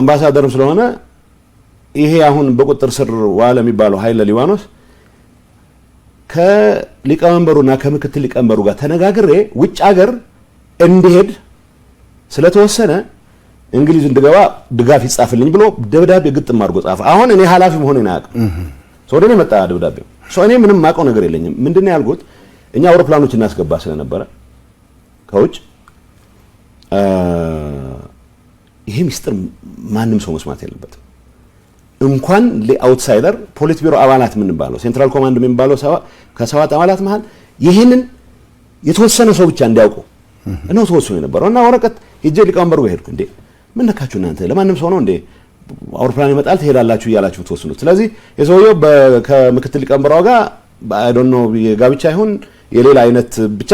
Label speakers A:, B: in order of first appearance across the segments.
A: አምባሳደርም ስለሆነ ይሄ አሁን በቁጥር ስር ዋለ የሚባለው ኃይለ ሊባኖስ ከሊቀመንበሩና ከምክትል ሊቀመንበሩ ጋር ተነጋግሬ ውጭ ሀገር እንዲሄድ ስለተወሰነ እንግሊዝ እንድገባ ድጋፍ ይጻፍልኝ ብሎ ደብዳቤ ግጥም አድርጎ ጻፈ። አሁን እኔ ኃላፊ መሆኔን አያውቅም። ሰው ወደ እኔ መጣ ደብዳቤ። እኔ ምንም ማውቀው ነገር የለኝም። ምንድን ነው ያልኩት? እኛ አውሮፕላኖች እናስገባ ስለነበረ ከውጭ ይሄ ሚስጥር ማንም ሰው መስማት የለበትም። እንኳን ለአውትሳይደር ፖሊት ቢሮ አባላት የምንባለው ሴንትራል ኮማንድ የሚባለው ከሰባት አባላት መሀል ይህንን የተወሰነ ሰው ብቻ እንዲያውቁ ነው ተወስኖ የነበረው እና ወረቀት ሄጄ ሊቀመንበሩ ጋር ሄድኩ። እንዴ ምን ነካችሁ እናንተ? ለማንም ሰው ነው እንዴ አውሮፕላን ይመጣል ትሄዳላችሁ እያላችሁ ተወስኑት። ስለዚህ የሰውየው ከምክትል ሊቀመንበሯ ጋር አይዶኖ የጋብቻ ይሁን የሌላ አይነት ብቻ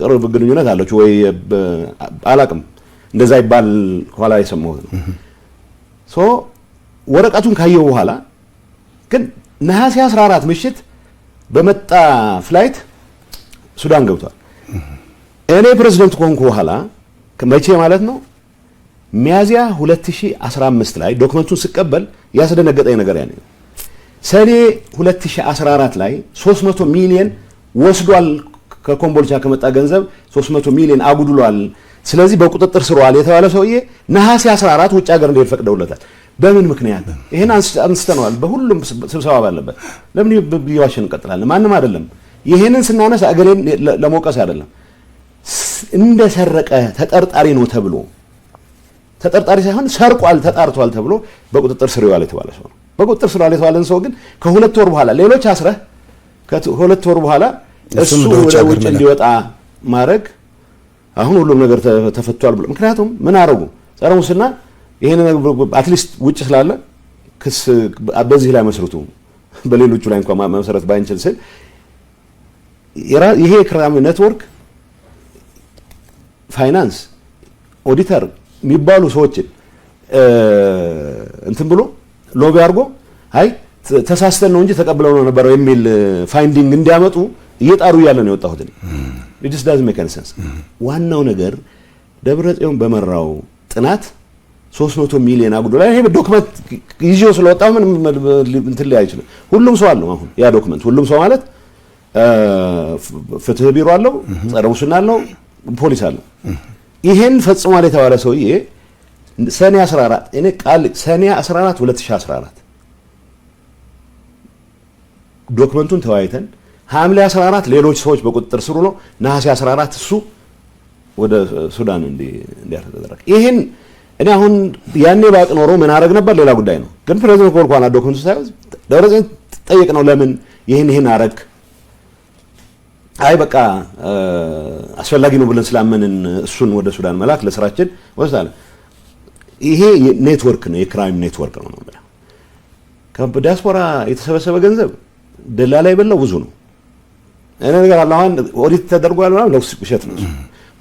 A: ቅርብ ግንኙነት አላችሁ ወይ አላቅም እንደዛ ይባል ኋላ የሰማሁት ነው። ሶ ወረቀቱን ካየው በኋላ ግን ነሐሴ 14 ምሽት በመጣ ፍላይት ሱዳን ገብቷል። እኔ ፕሬዝደንት ከሆንኩ በኋላ መቼ ማለት ነው ሚያዚያ 2015 ላይ ዶክመንቱን ስቀበል ያስደነገጠኝ ነገር ነው። ሰኔ 2014 ላይ 300 ሚሊዮን ወስዷል ከኮምቦልቻ ከመጣ ገንዘብ 300 ሚሊዮን አጉድሏል ስለዚህ በቁጥጥር ስር ዋለ የተባለ ሰውዬ ነሐሴ 14 ውጭ ሀገር እንደሄድ ፈቅደውለታል። በምን ምክንያት? ይህን አንስተነዋል። በሁሉም ስብሰባ ባለበት ለምን ብያዋሽን እንቀጥላለን? ማንም አይደለም። ይህንን ስናነሳ እገሌን ለመውቀስ አይደለም። እንደሰረቀ ተጠርጣሪ ነው ተብሎ ተጠርጣሪ ሳይሆን ሰርቋል ተጣርቷል ተብሎ በቁጥጥር ስር ዋለ የተባለ ሰው ነው። በቁጥጥር ስር ዋለ የተባለን ሰው ግን ከሁለት ወር በኋላ ሌሎች አስረህ ከሁለት ወር በኋላ እሱ ወደ ውጭ እንዲወጣ ማድረግ አሁን ሁሉም ነገር ተፈቷል ብሎ ምክንያቱም ምን አረጉ ጸረ ሙስና ይሄን አትሊስት ውጭ ስላለ ክስ በዚህ ላይ መስርቱ በሌሎቹ ላይ እንኳን መሰረት ባይንችል ስል ይሄ ክራም ኔትወርክ ፋይናንስ ኦዲተር የሚባሉ ሰዎችን እንትን ብሎ ሎቢ አድርጎ አይ ተሳስተን ነው እንጂ ተቀብለው ነው ነበረው የሚል ፋይንዲንግ እንዲያመጡ እየጣሩ እያለ ነው የወጣሁት። ዲስ ዳዝ ሜካኒሰንስ ዋናው ነገር ደብረጽዮን በመራው ጥናት 300 ሚሊዮን አጉዶ ይሄ ዶክመንት ይዤው ስለወጣሁ ምን እንትን ላይ አይችልም። ሁሉም ሰው አለው አሁን ያ ዶክመንት ሁሉም ሰው ማለት ፍትህ ቢሮ አለው፣ mm-hmm. ጸረ ሙስና አለው፣ ፖሊስ አለው። mm-hmm. ይሄን ፈጽሟል የተባለ ሰውዬ ሰኔ 14 እኔ ቃል ሰኔ 14 2014 ዶክመንቱን ተወያይተን ሐምሌ 14 ሌሎች ሰዎች በቁጥጥር ስር ሆኖ ነሐሴ 14 እሱ ወደ ሱዳን እንዲያርፍ ይህን እኔ አሁን ያኔ ባቅ ኖሮ ምን አደረግ ነበር ሌላ ጉዳይ ነው። ግን ፕሬዚደንት ኮልኳና ዶክመንቱ ሳይሆን ደብረጽዮን ጠይቅ ነው ለምን ይህን ይህን አረግ አይ በቃ አስፈላጊ ነው ብለን ስላመንን እሱን ወደ ሱዳን መላክ ለስራችን ወስዳለ። ይሄ ኔትወርክ ነው፣ የክራይም ኔትወርክ ነው ነው ከዲያስፖራ የተሰበሰበ ገንዘብ ደላላ የበላው ብዙ ነው። እኔ ነገር አለ አሁን ኦዲት ተደርጓል ማለት ነው ውሸት ነው።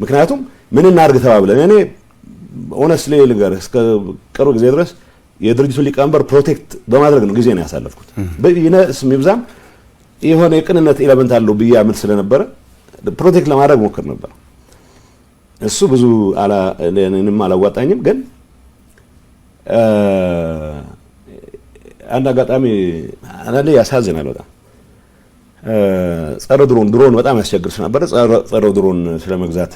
A: ምክንያቱም ምን እናድርግ ተባብለን እኔ ኦነስትሊ ልንገርህ እስከ ቅርብ ጊዜ ድረስ የድርጅቱ ሊቀመንበር ፕሮቴክት በማድረግ ነው ጊዜ ነው ያሳለፍኩት። ይነስ ይብዛም የሆነ የቅንነት ኤለመንት አለው ብዬ አምል ስለነበረ ፕሮቴክት ለማድረግ ሞክር ነበር። እሱ ብዙ እኔንም አላዋጣኝም። ግን አንድ አጋጣሚ አንዳንዴ ያሳዝናል በጣም ጸረ ድሮን ድሮን በጣም ያስቸግር ስለነበረ ጸረ ድሮን ስለመግዛት